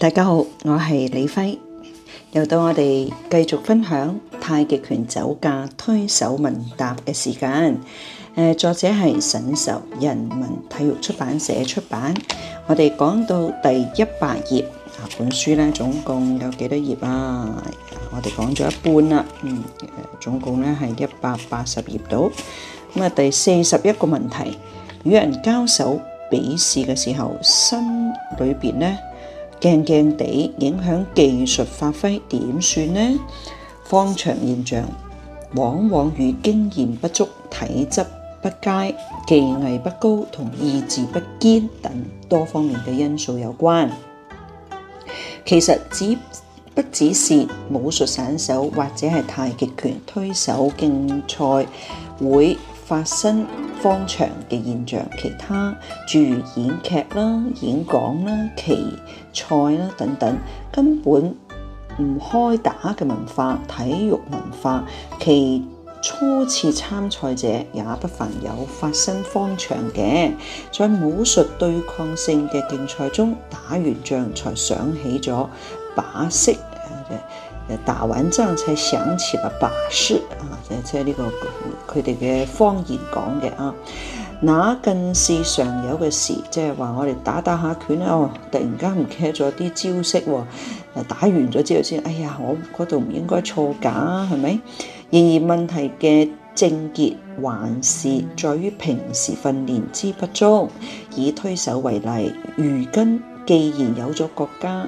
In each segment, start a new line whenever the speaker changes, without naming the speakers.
大家好，我係李輝，又到我哋繼續分享太極拳走架推手問答嘅時間。誒，作者係沈壽，人民體育出版社出版。我哋講到第一百頁啊，本書咧總共有幾多頁啊？我哋講咗一半啦，嗯，總共咧係一百八十頁度。咁啊，第四十一個問題，與人交手比試嘅時候，心裏面咧？驚驚地影響技術發揮點算呢？方場現象往往與經驗不足、體質不佳、技藝不高同意志不堅等多方面嘅因素有關。其實只不只是武術散手或者係太極拳推手競賽會。發生怯場嘅現象，其他諸如演劇啦、演講啦、棋賽啦等等，根本唔開打嘅文化、體育文化，其初次參賽者也不乏有發生怯場嘅，在武術對抗性嘅競賽中，打完仗才想起咗把式，打完仗才想起了把式啊！在呢、就是這個。佢哋嘅方言講嘅啊，那更是常有嘅事，即係話我哋打打下拳啊，哦，突然間唔記得咗啲招式喎，打完咗之後先，哎呀，我嗰度唔應該錯㗎，係咪？然而問題嘅症結，還是在於平時訓練之不足。以推手為例，如今既然有咗國家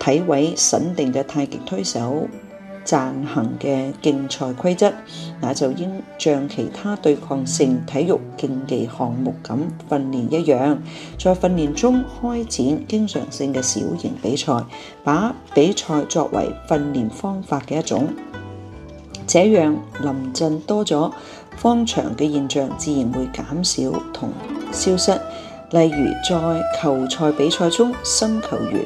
體委審定嘅太極推手。暫行嘅競賽規則，那就應像其他對抗性體育競技項目咁訓練一樣，在訓練中開展經常性嘅小型比賽，把比賽作為訓練方法嘅一種，這樣臨陣多咗方長嘅現象自然會減少同消失。例如在球賽比賽中，新球員，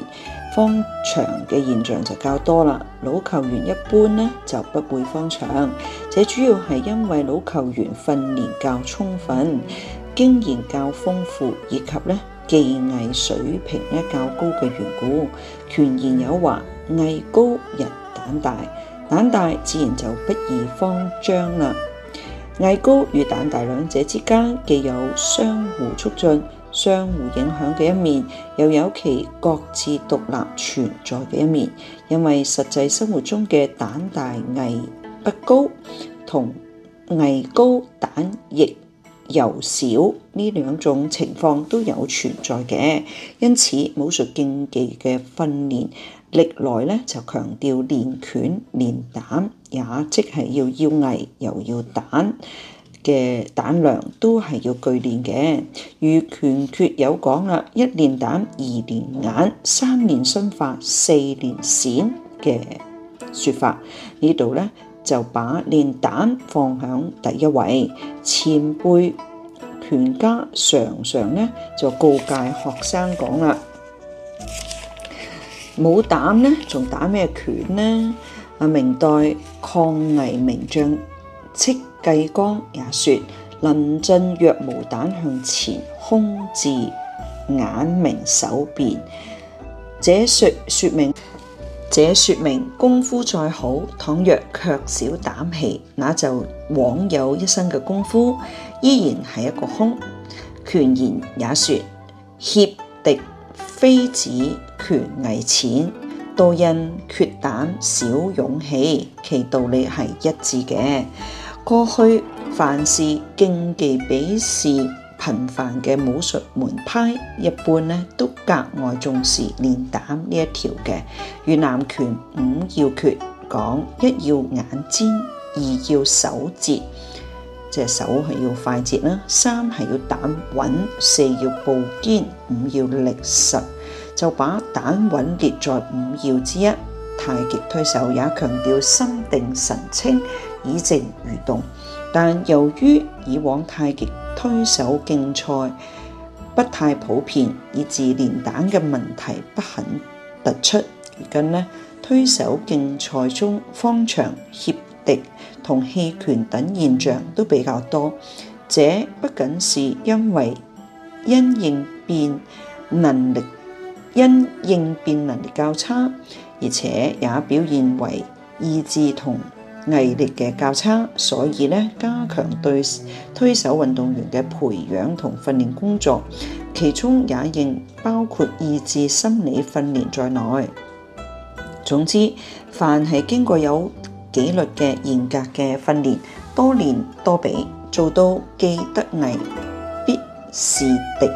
慌場嘅現象就較多啦，老球員一般呢，就不會慌場，這主要係因為老球員訓練較充分、經驗較豐富以及呢技藝水平呢較高嘅緣故。拳言有話，藝高人膽大，膽大自然就不易慌張啦。藝高與膽大兩者之間既有相互促進。相互影響嘅一面，又有其各自獨立存在嘅一面。因為實際生活中嘅膽大藝不高，同藝高膽亦幼小呢兩種情況都有存在嘅，因此武術競技嘅訓練歷來咧就強調練拳練膽，也即係要要藝又要膽。嘅膽量都係要鍥煉嘅，如拳訣有講啦，一練膽，二練眼，三練身法，四練閃嘅説法。呢度咧就把練膽放喺第一位。前輩拳家常常咧就告誡學生講啦：冇膽咧，仲打咩拳咧？啊，明代抗倭名將戚繼光也說：臨陣若無膽向前，空字眼明手變。這說明，功夫再好，倘若卻少膽氣，那就枉有一身嘅功夫，依然係一個空。權言也說：怯敵非止拳危淺，多因缺膽少勇氣。其道理係一致嘅。過去凡是競技比試頻繁嘅武術門派，一般呢都格外重視練膽呢一條嘅。越南拳五要訣講：一要眼尖，二要手捷，隻手係要快捷啦；三係要膽穩，四要步堅，五要力實。就把膽穩列在五要之一。太極推手也強調心定神清。以靜御動，但由於以往太極推手競賽不太普遍，以致練膽嘅問題不很突出。如今呢，推手競賽中，方長協敵同棄權等現象都比較多。這不僅是因為因應變能力因應變能力較差，而且也表現為意志同。毅力嘅較差，所以呢，加強對推手運動員嘅培養同訓練工作，其中也應包括意志心理訓練在內。總之，凡係經過有紀律嘅嚴格嘅訓練，多年多比，做到既得藝，必是敵，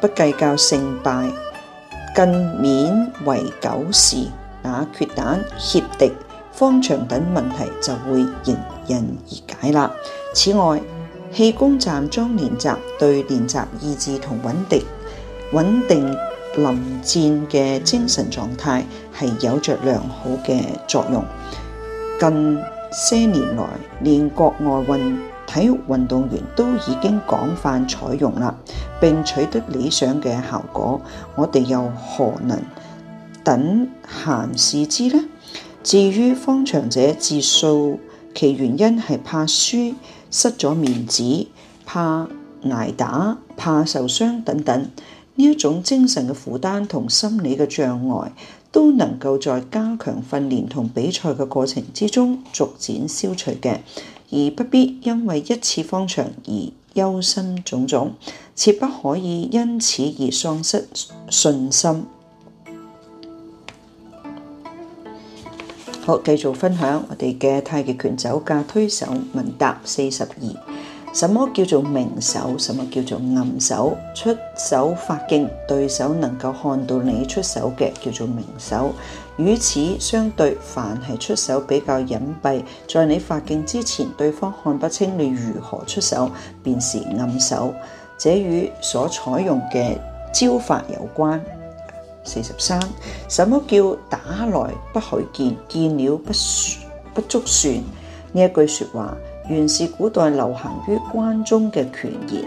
不計較勝敗，更免為久事，那缺膽怯敵。方長等問題就會迎刃而解啦。此外，氣功站樁練習對練習意志同穩定穩定臨戰嘅精神狀態係有着良好嘅作用。近些年來，連國外運體育運動員都已經廣泛採用啦，並取得理想嘅效果。我哋又何能等閒視之呢？至於方長者自述其原因係怕輸、失咗面子、怕挨打、怕受傷等等，呢一種精神嘅負擔同心理嘅障礙，都能夠在加強訓練同比賽嘅過程之中逐漸消除嘅，而不必因為一次方長而憂心忡忡，切不可以因此而喪失信心。我繼續分享我哋嘅太極拳走架推手問答四十二。什麼叫做明手？什麼叫做暗手？出手發勁，對手能夠看到你出手嘅叫做明手。與此相對，凡係出手比較隱蔽，在你發勁之前，對方看不清你如何出手，便是暗手。這與所採用嘅招法有關。四十三，43, 什麼叫打來不許見，見了不不足算？呢一句説話原是古代流行於關中嘅權言，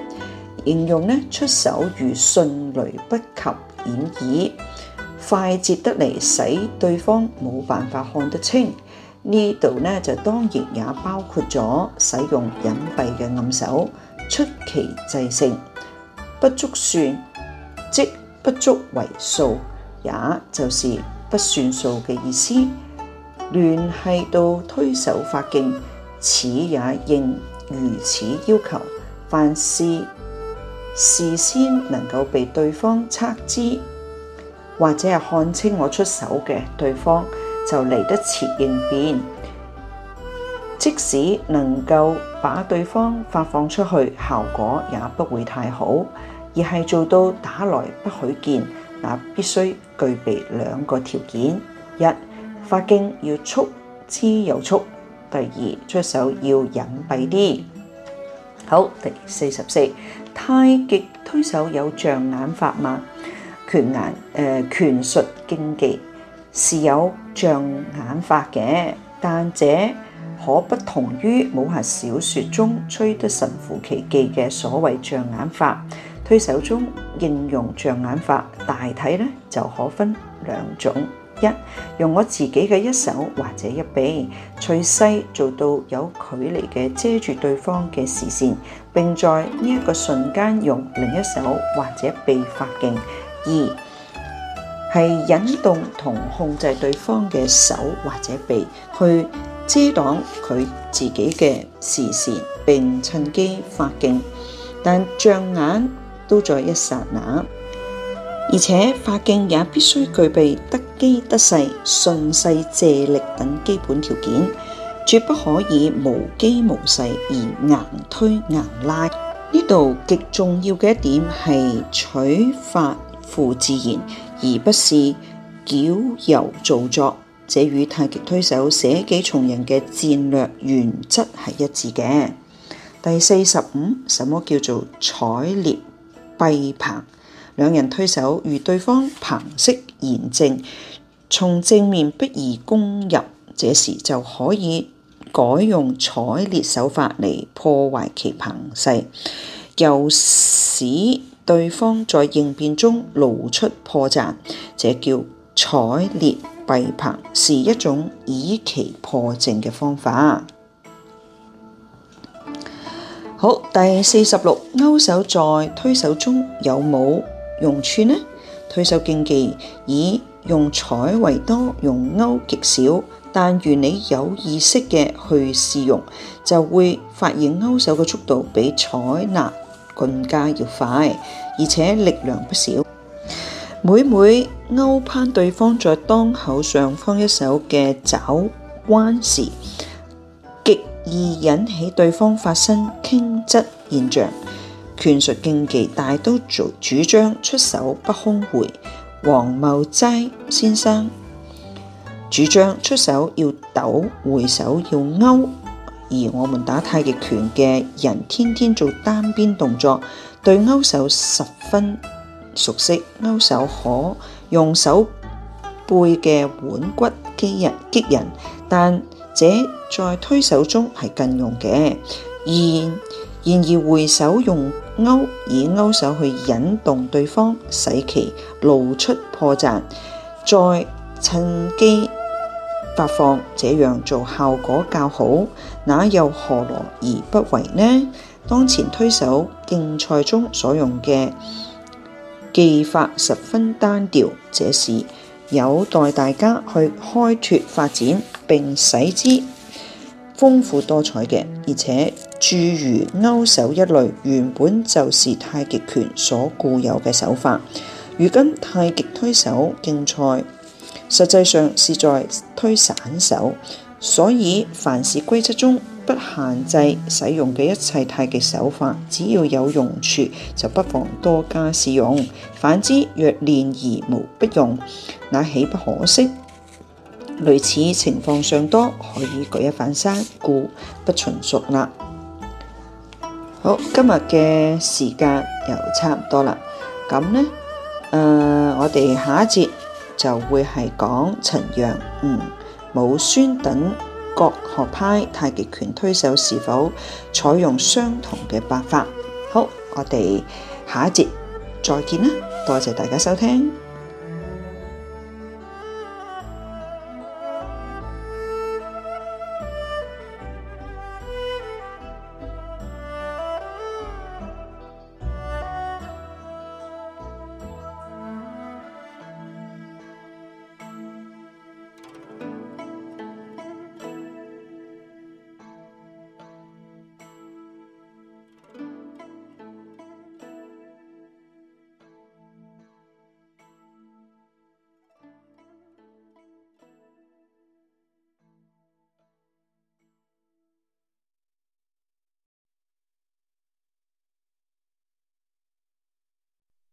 形容呢出手如迅雷不及掩耳，快捷得嚟使對方冇辦法看得清。呢度呢，就當然也包括咗使用隱蔽嘅暗手，出奇制勝，不足算，即。不足為數，也就是不算數嘅意思。聯繫到推手法勁，此也應如此要求。凡事事先能夠被對方測知，或者係看清我出手嘅對方，就嚟得切應變。即使能夠把對方發放出去，效果也不會太好。而係做到打來不許見，那必須具備兩個條件：一發勁要速之又速；第二出手要隱蔽啲。好，第四十四，太極推手有障眼法嘛？拳眼誒，拳術競技是有障眼法嘅，但這可不同於武俠小説中吹得神乎其技嘅所謂障眼法。推手中應用障眼法，大體呢就可分兩種：一用我自己嘅一手或者一臂，隨勢做到有距離嘅遮住對方嘅視線，並在呢一個瞬間用另一手或者臂發勁；二係引動同控制對方嘅手或者臂去遮擋佢自己嘅視線，並趁機發勁。但障眼都在一剎那，而且發勁也必須具備得機得勢、順勢借力等基本條件，絕不可以無機無勢而硬推硬拉。呢度極重要嘅一點，係取法乎自然，而不是矯揉造作。這與太極推手捨己從人嘅戰略原則係一致嘅。第四十五，什麼叫做採挒？閉掤，兩人推手，如對方掤式嚴正，從正面不宜攻入，這時就可以改用採挒手法嚟破壞其掤勢，又使對方在應變中露出破綻，這叫採挒閉掤，是一種以奇破正嘅方法。好，第四十六，勾手在推手中有冇用處呢？推手競技以用採為多，用勾極少。但如你有意識嘅去試用，就會發現勾手嘅速度比採拿更加要快，而且力量不少。每每勾攀對方在當口上方一手嘅肘彎時。易引起對方發生傾側現象。拳術競技大都主主張出手不空回，黃茂齋先生主張出手要抖，回手要勾。而我們打太極拳嘅人，天天做單邊動作，對勾手十分熟悉。勾手可用手背嘅腕骨擊人，擊人，但這在推手中係更用嘅，然然而回手用勾，以勾手去引動對方，使其露出破綻，再趁機發放，這樣做效果較好。那又何樂而不為呢？當前推手競賽中所用嘅技法十分單調，這是，有待大家去開拓發展，並使之豐富多彩嘅。而且，諸如勾手一類，原本就是太極拳所固有嘅手法。如今太極推手競賽，實際上是在推散手，所以凡事規則中。不限制使用嘅一切太極手法，只要有用處，就不妨多加使用。反之，若練而無不用，那豈不可惜？類似情況尚多，可以舉一反三，故不循熟啦。好，今日嘅時間又差唔多啦，咁呢，誒、呃，我哋下一節就會係講陳陽、吳、嗯、武孫等。各學派太極拳推手是否採用相同嘅八法？好，我哋下一節再見啦！多謝大家收聽。